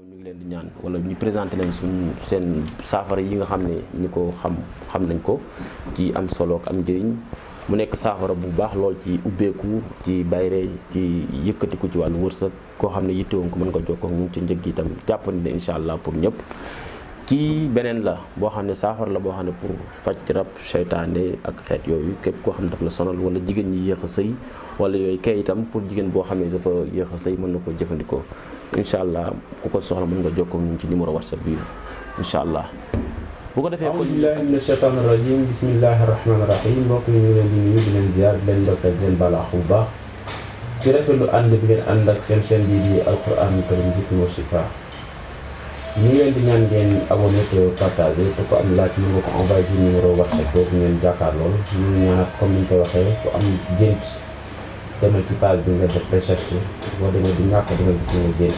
ñoom ñu ngi leen di ñaan wala ñu présenté leen suñ seen saafara yi nga xam ne ñi ko xam xam nañ ko ci am solo ak am mu nekk saafara bu baax lool ci ubbeeku ci bayre ci yëkkatiku ci wàllu wërsëg koo xam ne yittewoon ko mën ko jokkoo mu ci njëg itam jàppandi ne pour ñëpp kii beneen la boo xam ne saafara la boo xam ne pour faj rab seytaane ak xeet yooyu képp koo xam ne daf la sonal wala jigéen ñi yéex a sëy wala yooyu kay itam pour jigéen boo xam ne dafa yéex a sëy mën na ko jëfandikoo incha allah ku ko soxla mën nga ko ñun ci numéro whatsapp bi incha allah. bu ko defee kon billahi mina shaytaani rajim bismillahi rahmaani rahim mbokk yi ñu leen di nuyu di leen ziar di leen ndokkee di balaax bu baax. di rafetlu ànd bi ngeen ànd ak seen chaîne bii di alquran karim jikko shifa ñu leen di ñaan ngeen abonné te partagé te ko am laaj mën nga ko envoyé ci numéro whatsapp boobu ngeen jàkkaar loolu ñu ñaan ak comme ni koy waxee ku am gént. demal ci page bi nga def recherche boo demee nga gis ne nga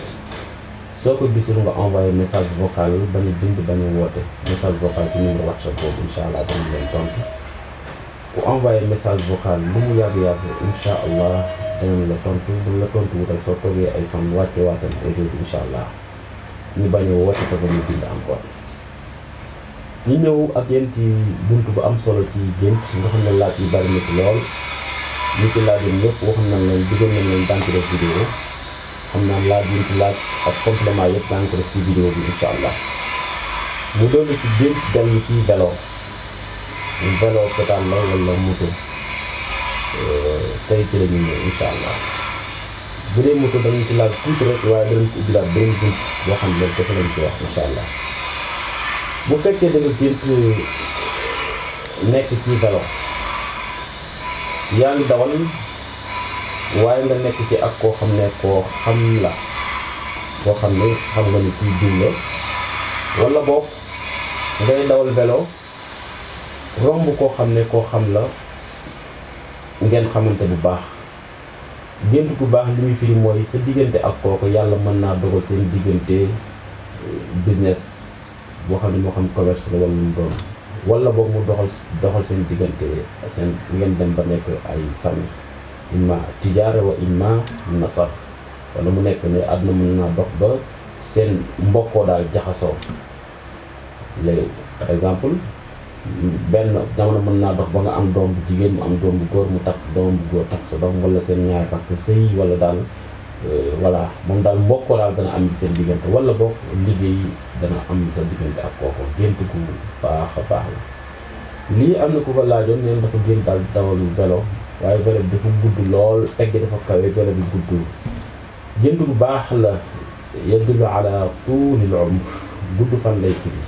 soo ko gisul nga envoyé message vocal bañ a bind bañ a woote message vocal ci numéro WhatsApp boobu incha allah dama leen tontu mu yàgg yàgg incha allah danañ la tontu buñ la tontu wutal soo toogee ay fan wàcce waatam ay réew incha allah ñu bañ a woote te bañ a bind encore. ñu ñëw ak yéen ci bunt bu am solo ci gént nga xam ne laaj yi bari na lool. ñu ci laajoon yëpp waxoon nañ leen digal nañ leen daan ko def vidéo xam naa laaj yuñ ci laaj ak complément yëpp daan ko def ci vidéo bi incha allah mu dolli ci gént dal ñu ci vélo vélo pétaan la wala tey ci la ñu ñëw allah bu dee moto dañu ci laaj tuuti rek waaye danañ ko ubbilaat benn gént boo xam ne dafa lañ ci wax incha allah bu fekkee da nga nekk ci vélo yaa ngi dawal waaye nga nekk ci ak koo xam ne koo xam la koo xam ne xam nga ni kuy diw la wala boog ngay dawal vélo romb koo xam ne koo xam la ngeen xamante bu baax gént bu baax li muy firi mooy sa diggante ak kooku yàlla mën naa dogal seen diggante eh, business boo xam ne moo xam commerce la wala lu doon wala boog mu doxal doxal seen diggante seen ngeen dem ba nekk ay famille imma tijaara wa imma nasar wala mu nekk ni àdduna mën naa dox ba seen mbokkoo daal jaxasoo léegi par exemple benn jamono mun naa dox ba nga am doom bu jigéen mu am doom bu góor mu takk doom bu góor takk sa doom wala seen ñaari rakk sëy wala daal Euh, voilà moom daal mbokkoo daal dana am seen diggante wala boog liggéey dana am sa diggante ak kooku gént gu baax baax la lii am na ku ko laajoon neen dafa gént daal dawal vélo waaye vélo dafa gudd lool egg dafa kawe vélo bi gudd gént gu baax la yadullu ala tuulil umr gudd fan lay firi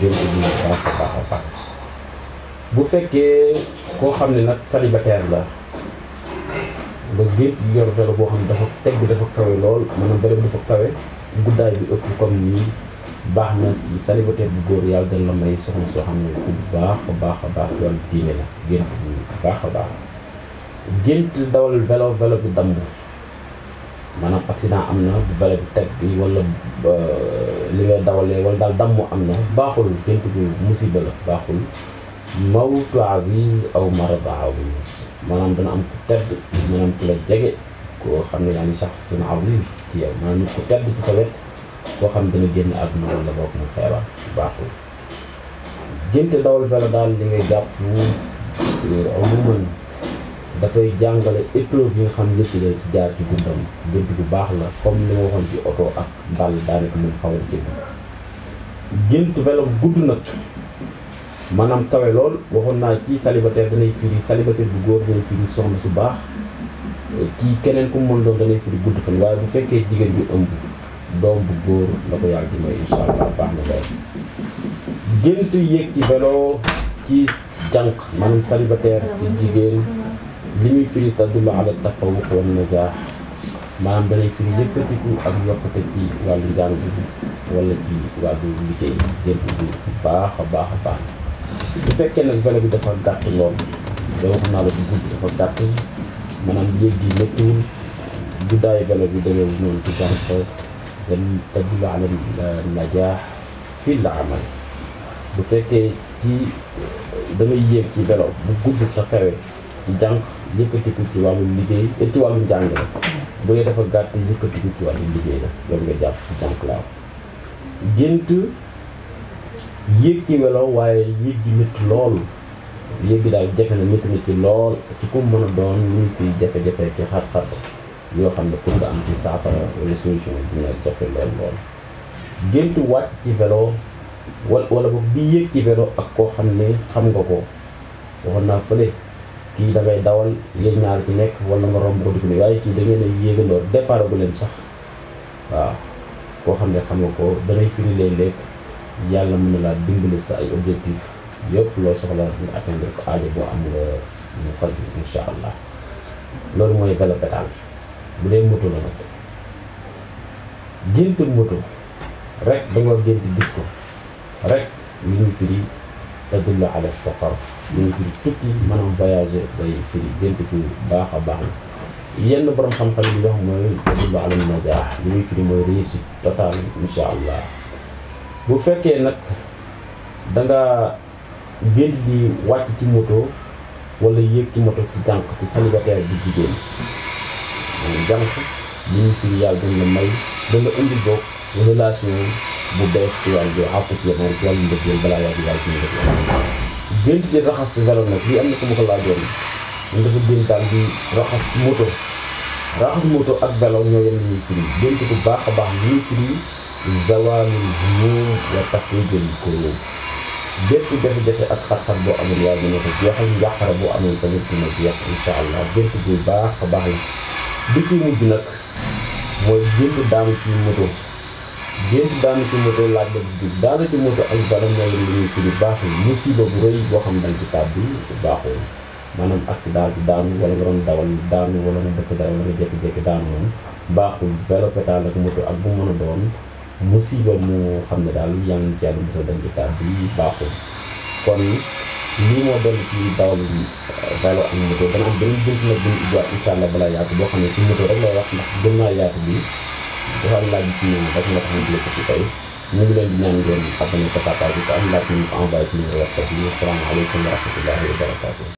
gént gu baax a baax a baax bu fekkee koo xam ne nag célibataire la ba géej gi boo xam ne dafa teg bi dafa kawe lool maanaam velo dafa kawe guddaay bi ëpp comme nii baax na ci célibataire bu góor yàlla dana la may soxna soo xam ne ku baax a baax a baax wàllu diine la gént baax a baax gént dawal velo velo bu damm maanaam accident am na velo bi teg bi wala li ngay dawalee wala daal damm am na baaxul gént bi musiba la baaxul mawtu aziz aw marad aziz maanaam dana am ku tedd maanaam ku la jege koo xam ne daal di sax suñu awir ci yow maanaam nit ku tedd ci sa wet koo xam dana génn àdduna wala boog mu feebar baaxul gént ndawal fela daal li ngay euh, dafay jàngale épreuve yi xam yëpp la ci jaar ci bu baax la comme li ma waxoon ci oto ak dàll daanaka mun xawal génn gént velam gudd nag maanaam kawe lool waxoon naa ci célibataire danay firi célibataire bu góor danay firi soxna su baax ci keneen ku mu mën danay firi gudd fan waaye bu fekkee jigéen bi ëmb doom bu góor la ko yàlla di may allah baax na lool. gént yéeg ci vélo ci jànq maanaam célibataire ci jigéen li muy firi tadullu ala tafawuq wan najaax maanaam danay firi yëkkatiku ak yokkute ci wàll njàng bi wala ci wàllu liggéey gént baax a baax a baax. bu fekkee nag vélo bi dafa gàtt lool da wax naa la bu gudd dafa gàtt maanaam yéeg gi méttiwul guddaayu vélo bi demeewul noonu ci gàncax dañuy najaax fii la amal bu fekkee ci da ngay yéeg ci vélo bu gudd sa xewee ci jànq yëkkatiku ci wàllum liggéey ci wàllum la bu dee dafa gàtt yëkkatiku ci wàllum liggéey la loolu nga jàpp ci jànq laaw gént yéeg ci welaw waaye yéeg gi métti lool yéeg gi daal jafe na métti na ci lool ci ku mën a doon ñu ngi jafe-jafe ci xat-xat yoo xam ne pour nga am ci saafara wala dina jafe lool lool gént wàcc ci vélo wala wala boog bi yéeg ci vélo ak koo xam ne xam nga ko waxoon naa fële kii da dawal yéen ñaar ci nekk wala nga romb ko dugub waaye kii da ngeen a yéegandoor bu leen sax waaw koo xam ne xam nga ko danay firi léeg-léeg yàlla mën na laa dimbali sa ay objectif yëpp loo soxla nga atteindre ko aajo boo am nga mu faj incha allah loolu mooy vélo pédale bu dee moto la nag gént moto rek da gént gis ko rek li ñu firi tadullu ala safar li ñu firi tukki maanaam voyager day firi gént ku baax a baax la yenn borom xam-xam yi wax mooy tadullu ala najaax li ñuy firi mooy réussite totale incha allah bu fekkee nag da nga génn wàcc ci moto wala yéeg ci moto ci jànq ci célibataire bi jigéen jànq li ñu fi yàlla dañ la may da nga indi boog relation bu bees ci wàllu àpp ci wàllu wàllu mbëggeel balaa yaa di yàlla ci mbëggeel génn di raxas vélo nag lii am na ko ma ko laajoon ñu dafa génn moto raxas moto ak vélo ñoo yem ñuy firi génn bu baax a baax ñuy firi zawalul junuun wa tafrijul kuruub bépp jafe-jafe ak xar-xar boo amul waaye dina ko jeexal njàqara boo amul tamit dina jeex incha allah gént bu baax a baax la bi ci mujj nag mooy gént daanu ci moto gént daanu la bu jub daanu ci moto ak balam ñooy lu ñuy firi baaxul musiba bu rëy bi daanu wala nga doon dawal daanu wala nga dëkk dara wala nga ak moto ak bu mu a doon musiba mu xam ne daal yaa ngi jàll mosal dañ ci taal bi baaxul kon lii moo doon ci dawal vélo ak moto dana am beneen bunt boo xam ne ci moto rek lay wax ndax gën naa yaatu bi dafa laaj ci ñoom rek nga tax ñu ko ci tey ñu ngi leen di ñaan ngeen abonné ko partage ko am laaj ñu ko envoyé ci numéro WhatsApp bi asalaamaaleykum wa rahmatullahi wa barakatuh